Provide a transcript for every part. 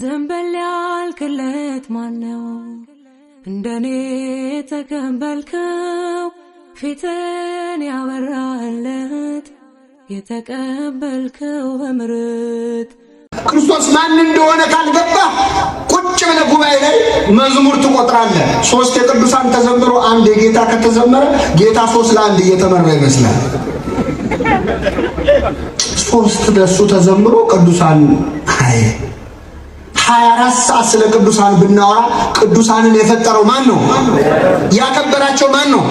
ዘንበል ያልክለት ማነው? እንደኔ የተቀበልከው ፊትን ያበራለት የተቀበልከው በምርት ክርስቶስ ማን እንደሆነ ካልገባ ቁጭ ብለ ጉባኤ ላይ መዝሙር ትቆጥራለህ። ሶስት የቅዱሳን ተዘምሮ አንድ የጌታ ከተዘመረ ጌታ ሶስት ለአንድ እየተመራ ይመስላል። ሶስት ለሱ ተዘምሮ ቅዱሳን አይ 24 ሰዓት ስለ ቅዱሳን ብናወራ ቅዱሳንን የፈጠረው ማን ነው? ያከበራቸው ማን ነው?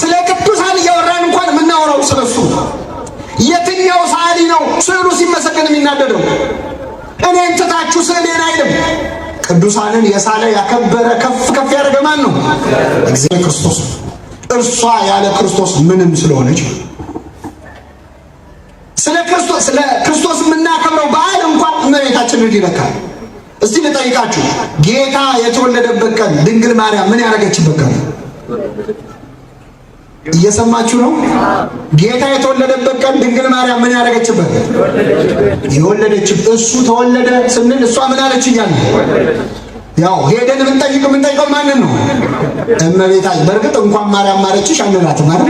ስለ ቅዱሳን እያወራን እንኳን የምናወራው ስለሱ። የትኛው ሰዓሊ ነው ስዕሉ ሲመሰገን የሚናደደው? እኔ ትታችሁ ስዕሌን አይልም። ቅዱሳንን የሳለ ያከበረ ከፍ ከፍ ያደረገ ማን ነው? እግዚአብሔር ክርስቶስ። እርሷ ያለ ክርስቶስ ምንም ስለሆነች ስለ ክርስቶስ ስለ ክርስቶስ የምናከብረው በዓል እንኳን እመቤታችንን ይለካል። እስቲ ልጠይቃችሁ፣ ጌታ የተወለደበት ቀን ድንግል ማርያም ምን ያደረገችበት ቀን? እየሰማችሁ ነው? ጌታ የተወለደበት ቀን ድንግል ማርያም ምን ያደረገችበት? የወለደች። እሱ ተወለደ ስንል እሷ ምን አለች? እያለ ያው ሄደን የምንጠይቀው የምንጠይቀው ማንን ነው? እመቤታችን። በእርግጥ እንኳን ማርያም ማረችሽ አንላት ማለት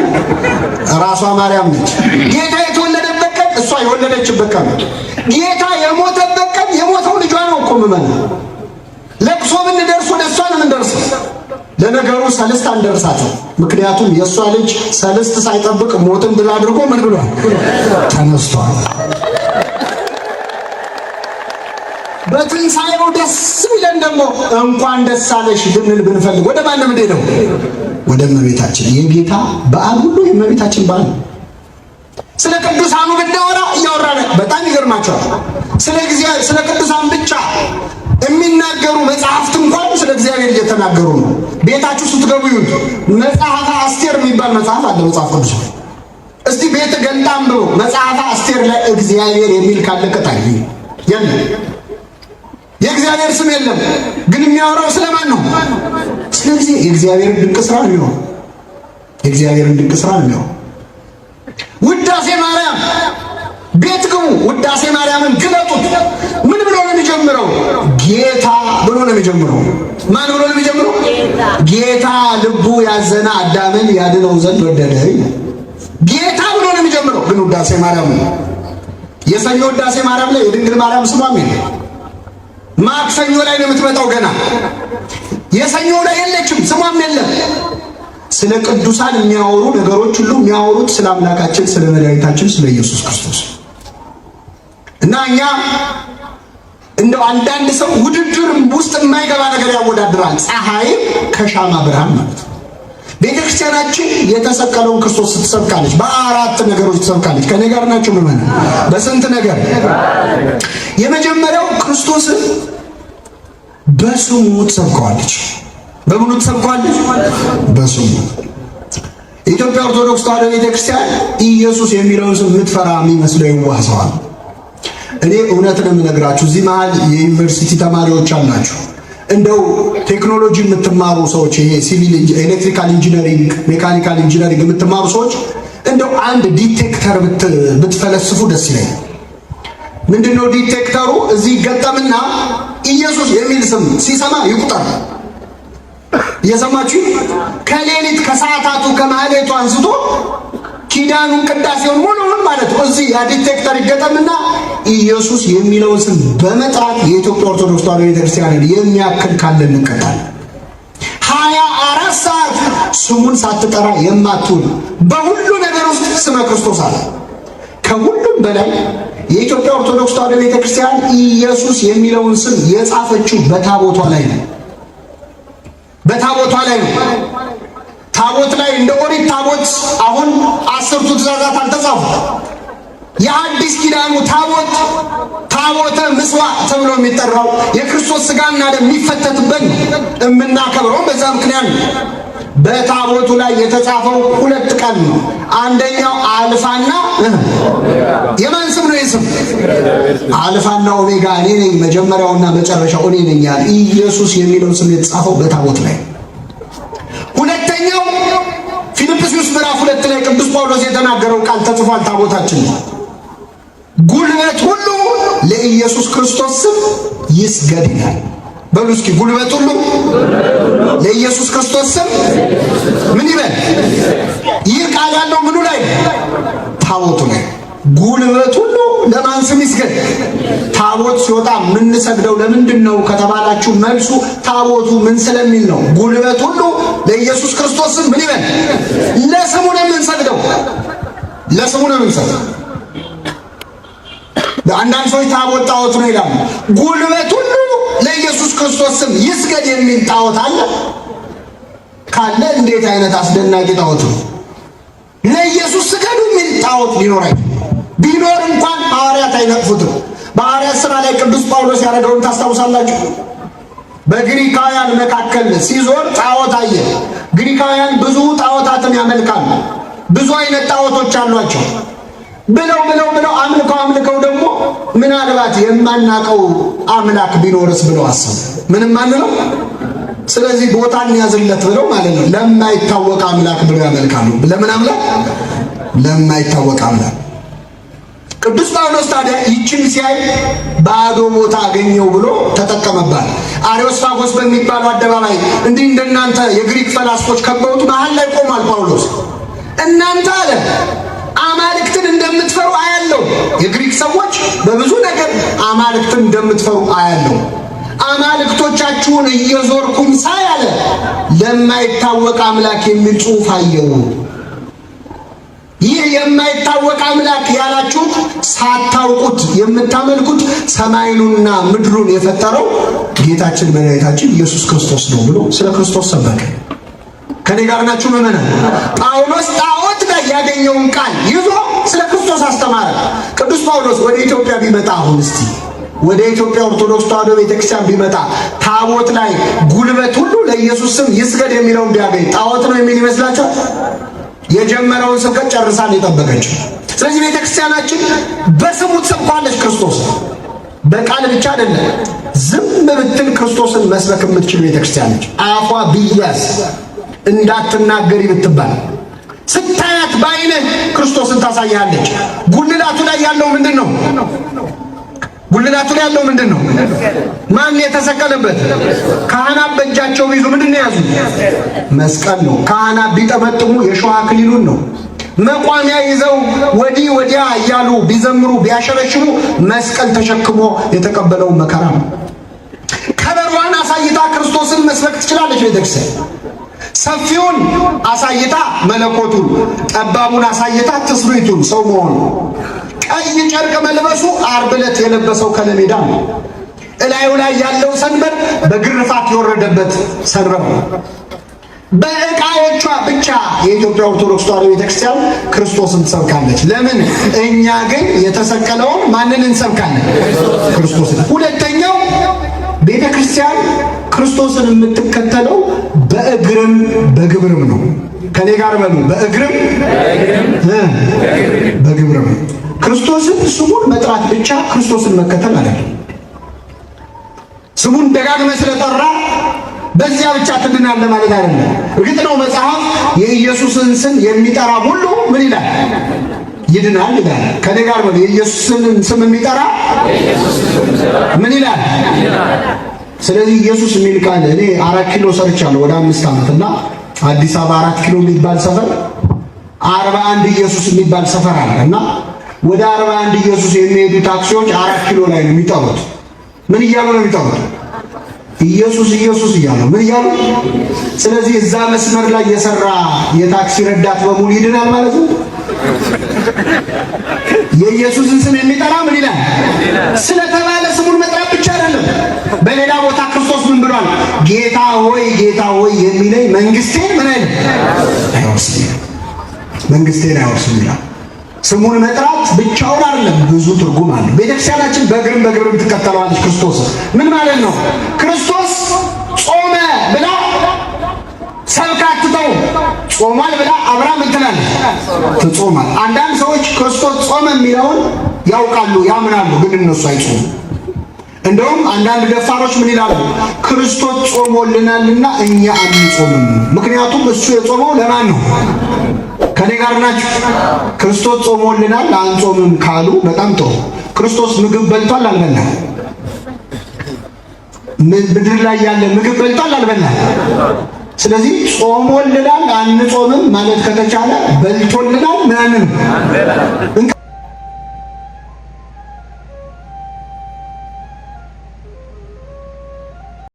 ራሷ ማርያም ነች። ጌታ የተወለደበት ቀን እሷ የወለደችበት ቀን ጌታ የሞተበት እኮ ምመና ለቅሶ ብንደርስ ወደ እሷ ነው የምንደርሰው። ለነገሩ ሰልስት አንደርሳትም። ምክንያቱም የእሷ ልጅ ሰልስት ሳይጠብቅ ሞትን ድል አድርጎ ምን ብሏል? ተነስቷል። በትንሣኤው ደስ ይለን ደግሞ እንኳን ደስ አለሽ ልንል ብንፈልግ ወደ ማን ነው ነው? ወደ እመቤታችን። የጌታ በዓል ሁሉ የእመቤታችን በዓል ነው። ስለ ቅዱሳኑ ብናወራ እያወራነ በጣም ይገርማቸዋል። እየተናገሩ ነው። ቤታችሁ ስትገቡ ይሁን መጽሐፈ አስቴር የሚባል መጽሐፍ አለ መጽሐፍ ቅዱስ እስቲ ቤት ገንጣ ብሎ መጽሐፈ አስቴር ላይ እግዚአብሔር የሚል ካለ ቅጣይ የለም። የእግዚአብሔር ስም የለም። ግን የሚያወራው ስለማን ነው? ስለዚህ የእግዚአብሔርን ድንቅ ስራ ነው። የእግዚአብሔርን ድንቅ ስራ ነው። ውዳሴ ማርያም ቤት ግቡ። ውዳሴ ማርያምን ግለጡት። የሚጀምረው? ጌታ ብሎ ነው የሚጀምረው። ማን ብሎ ነው የሚጀምረው? ጌታ ልቡ ያዘነ አዳምን ያድነው ዘንድ ወደደ። ጌታ ብሎ ነው የሚጀምረው። ግን ውዳሴ ማርያም ነው የሰኞ ውዳሴ ማርያም ላይ የድንግል ማርያም ስሟም የለ። ማክሰኞ ላይ ነው የምትመጣው ገና የሰኞ ላይ የለችም፣ ስሟም የለም። ስለ ቅዱሳን የሚያወሩ ነገሮች ሁሉ የሚያወሩት ስለ አምላካችን ስለ መድኃኒታችን ስለ ኢየሱስ ክርስቶስ እና እኛ እንደው አንዳንድ ሰው ውድድር ውስጥ የማይገባ ነገር ያወዳድራል። ፀሐይም ከሻማ ብርሃን ማለት ነው። ቤተ ክርስቲያናችን የተሰቀለውን ክርስቶስ ትሰብካለች። በአራት ነገሮች ትሰብካለች። ከኔ ጋር ናቸው ምመና በስንት ነገር? የመጀመሪያው ክርስቶስን በስሙ ትሰብከዋለች። በምኑ ትሰብከዋለች? በስሙ ኢትዮጵያ ኦርቶዶክስ ተዋሕዶ ቤተክርስቲያን ኢየሱስ የሚለውን ስም የምትፈራ የሚመስለው ይዋሰዋል እኔ እውነት ነው የምነግራችሁ፣ እዚህ መሀል የዩኒቨርሲቲ ተማሪዎች አላችሁ። እንደው ቴክኖሎጂ የምትማሩ ሰዎች ይሄ ሲቪል ኤሌክትሪካል ኢንጂነሪንግ፣ ሜካኒካል ኢንጂነሪንግ የምትማሩ ሰዎች እንደው አንድ ዲቴክተር ብትፈለስፉ ደስ ይለኛል። ምንድነው ዲቴክተሩ? እዚህ ገጠምና ኢየሱስ የሚል ስም ሲሰማ ይቁጠር። የሰማችሁ ከሌሊት ከሰዓታቱ ከማህሌቱ አንስቶ ኪዳኑን ቅዳሴውን ምን ማለት ነው። እዚህ ያ ዲቴክተር ይገጠምና ኢየሱስ የሚለውን ስም በመጣት የኢትዮጵያ ኦርቶዶክስ ተዋሕዶ ቤተክርስቲያንን የሚያክል ካለ እንቀጣለን። ሀያ አራት ሰዓት ስሙን ሳትጠራ የማትውል በሁሉ ነገር ውስጥ ስመ ክርስቶስ አለ። ከሁሉም በላይ የኢትዮጵያ ኦርቶዶክስ ተዋሕዶ ቤተክርስቲያን ኢየሱስ የሚለውን ስም የጻፈችው በታቦቷ ላይ ነው። በታቦቷ ላይ ነው። ታቦት ላይ እንደ ኦሪት ታቦት አሁን አስርቱ ትእዛዛት አልተጻፉ የአዲስ ኪዳኑ ታቦት ታቦተ ምስዋ ተብሎ የሚጠራው የክርስቶስ ስጋና ደም የሚፈተትበት የምናከብረው በዛ ምክንያት ነው። በታቦቱ ላይ የተጻፈው ሁለት ቃል ነው። አንደኛው አልፋና የማን ስም ነው? የስም አልፋና ኦሜጋ እኔ ነኝ፣ መጀመሪያውና መጨረሻው እኔ ነኝ ያለ ኢየሱስ የሚለው ስም የተጻፈው በታቦት ላይ። ሁለተኛው ፊልጵስዩስ ምዕራፍ ሁለት ላይ ቅዱስ ጳውሎስ የተናገረው ቃል ተጽፏል ታቦታችን ነው ጉልበት ሁሉ ለኢየሱስ ክርስቶስ ስም ይስገድ ይላል። በሉ እስኪ ጉልበት ሁሉ ለኢየሱስ ክርስቶስ ስም ምን ይበል? ይህ ቃል ያለው ምኑ ላይ? ታቦቱ ላይ። ጉልበት ሁሉ ለማን ስም ይስገድ? ታቦት ሲወጣ የምንሰግደው ለምንድን ነው ከተባላችሁ መልሱ ታቦቱ ምን ስለሚል ነው። ጉልበት ሁሉ ለኢየሱስ ክርስቶስ ስም ምን ይበል? ለስሙ ነው የምንሰግደው፣ ለስሙ ነው የምንሰግደው። አንዳንድ ሰዎች ታቦት ጣዖት ነው ይላሉ። ጉልበት ሁሉ ለኢየሱስ ክርስቶስ ስም ይስገድ የሚል ጣዖት አለ ካለ እንዴት አይነት አስደናቂ ጣዖት ነው! ለኢየሱስ ስገዱ የሚል ጣዖት ሊኖር ቢኖር እንኳን ሐዋርያት አይነቅፉትም። በሐዋርያት ሥራ ላይ ቅዱስ ጳውሎስ ያደረገውን ታስታውሳላችሁ። በግሪካውያን መካከል ሲዞር ጣዖት አየ። ግሪካውያን ብዙ ጣዖታትን ያመልካሉ። ብዙ አይነት ጣዖቶች አሏቸው። ብለው ብለው ብለው አምልከው አምልከው ደግሞ ምናልባት የማናቀው አምላክ ቢኖርስ ብለው አሰቡ። ምንም አንለው። ስለዚህ ቦታ እንያዝለት ብለው ማለት ነው ለማይታወቅ አምላክ ብለው ያመልካሉ። ለምን አምላክ? ለማይታወቅ አምላክ። ቅዱስ ጳውሎስ ታዲያ ይችን ሲያይ ባዶ ቦታ አገኘው ብሎ ተጠቀመባት። አሪዮስፋጎስ በሚባለው አደባባይ እንዲህ እንደናንተ የግሪክ ፈላስፎች ከበውት መሀል ላይ ቆሟል ጳውሎስ። እናንተ አለ አማልክትን እንደምትፈሩ አያለው። የግሪክ ሰዎች በብዙ ነገር አማልክትን እንደምትፈሩ አያለው። አማልክቶቻችሁን እየዞርኩም ሳይ አለ ለማይታወቅ አምላክ የሚል ጽሑፍ አየው። ይህ የማይታወቅ አምላክ ያላችሁ ሳታውቁት የምታመልኩት ሰማይኑና ምድሩን የፈጠረው ጌታችን መድኃኒታችን ኢየሱስ ክርስቶስ ነው ብሎ ስለ ክርስቶስ ሰበከ። ከኔ ጋር ናችሁ መመና ጳውሎስ ያገኘውን ቃል ይዞ ስለ ክርስቶስ አስተማረ። ቅዱስ ጳውሎስ ወደ ኢትዮጵያ ቢመጣ አሁን እስቲ ወደ ኢትዮጵያ ኦርቶዶክስ ተዋሕዶ ቤተክርስቲያን ቢመጣ ታቦት ላይ ጉልበት ሁሉ ለኢየሱስ ስም ይስገድ የሚለውን ቢያገኝ ጣዖት ነው የሚል ይመስላችኋል? የጀመረውን ስብከት ጨርሳን የጠበቀችው። ስለዚህ ቤተክርስቲያናችን በስሙ ትሰብኳለች። ክርስቶስ በቃል ብቻ አይደለም። ዝም ብትል ክርስቶስን መስበክ የምትችል ቤተክርስቲያን ነች። አፏ ቢያዝ እንዳትናገሪ ብትባል ስታያት በአይንህ ክርስቶስን ታሳያለች። ጉልላቱ ላይ ያለው ምንድን ነው? ጉልላቱ ላይ ያለው ምንድን ነው? ማን የተሰቀለበት? ካህናት በእጃቸው ቢይዙ ምንድን ነው የያዙ? መስቀል ነው። ካህናት ቢጠመጥሙ የሸዋ አክሊሉን ነው። መቋሚያ ይዘው ወዲህ ወዲያ እያሉ ቢዘምሩ ቢያሸረሽሩ መስቀል ተሸክሞ የተቀበለውን መከራ ነው። ከበሯን አሳይታ ክርስቶስን መስበክ ትችላለች ቤተክርስቲያን ሰፊውን አሳይታ መለኮቱን፣ ጠባቡን አሳይታ ትስሪቱን ሰው መሆኑ። ቀይ ጨርቅ መልበሱ ዓርብ ዕለት የለበሰው ከለሜዳ ነው። እላዩ ላይ ያለው ሰንበር በግርፋት የወረደበት ሰንበር ነው። ብቻ የኢትዮጵያ ኦርቶዶክስ ተዋሕዶ ቤተክርስቲያን ክርስቶስን ትሰብካለች። ለምን? እኛ ግን የተሰቀለውን ማንን እንሰብካለን? ክርስቶስን። ሁለተኛው ቤተክርስቲያን ክርስቶስን የምትከተለው በእግርም በግብርም ነው። ከኔ ጋር በሉ፣ በእግርም በግብርም። ክርስቶስን ስሙን መጥራት ብቻ ክርስቶስን መከተል አይደለም። ስሙን ደጋግመ ስለጠራ በዚያ ብቻ ትድናለ ማለት አይደለም። እርግጥ ነው መጽሐፍ የኢየሱስን ስም የሚጠራ ሁሉ ምን ይላል? ይድናል ይላል። ከኔ ጋር በሉ፣ የኢየሱስን ስም የሚጠራ ምን ይላል? ስለዚህ ኢየሱስ የሚል ቃል እኔ አራት ኪሎ ሰርቻለሁ ወደ አምስት ዓመት እና አዲስ አበባ አራት ኪሎ የሚባል ሰፈር አርባ አንድ ኢየሱስ የሚባል ሰፈር አለ እና ወደ አርባ አንድ ኢየሱስ የሚሄዱ ታክሲዎች አራት ኪሎ ላይ ነው የሚጠሩት። ምን እያሉ ነው የሚጠሩት? ኢየሱስ ኢየሱስ እያሉ ምን እያሉ? ስለዚህ እዛ መስመር ላይ የሰራ የታክሲ ረዳት በሙሉ ይድናል ማለት ነው። የኢየሱስን ስም የሚጠራ ምን ይላል? ስለተባለ ስሙን መጥራት ብቻ አይደለም። በሌላ ቦታ ክርስቶስ ምን ብሏል? ጌታ ሆይ ጌታ ሆይ የሚለኝ መንግስቴን ምን አይል አይወርስም፣ መንግስቴን አይወርስም ይላል። ስሙን መጥራት ብቻውን አይደለም፣ ብዙ ትርጉም አለ። ቤተክርስቲያናችን በእግርም በእግርም ትከተለዋለች። ክርስቶስ ምን ማለት ነው? ክርስቶስ ጾመ ብላ ሰብካትተው ጾሟል ብላ አብራ ምን ትላለች? ትጾማል። አንዳንድ ሰዎች ክርስቶስ ጾመ የሚለውን ያውቃሉ፣ ያምናሉ፣ ግን እነሱ አይጾሙም? እንደውም አንዳንድ ደፋሮች ምን ይላሉ? ክርስቶስ ጾሞልናልና እኛ አንጾምም። ምክንያቱም እሱ የጾመው ለማን ነው? ከኔ ጋር ናችሁ? ክርስቶስ ጾሞልናል አንጾምም ካሉ በጣም ጥሩ። ክርስቶስ ምግብ በልቷል አልበላል? ምድር ላይ ያለ ምግብ በልቷል አልበላል? ስለዚህ ጾሞልናል አንጾምም ማለት ከተቻለ በልቶልናል ምናምን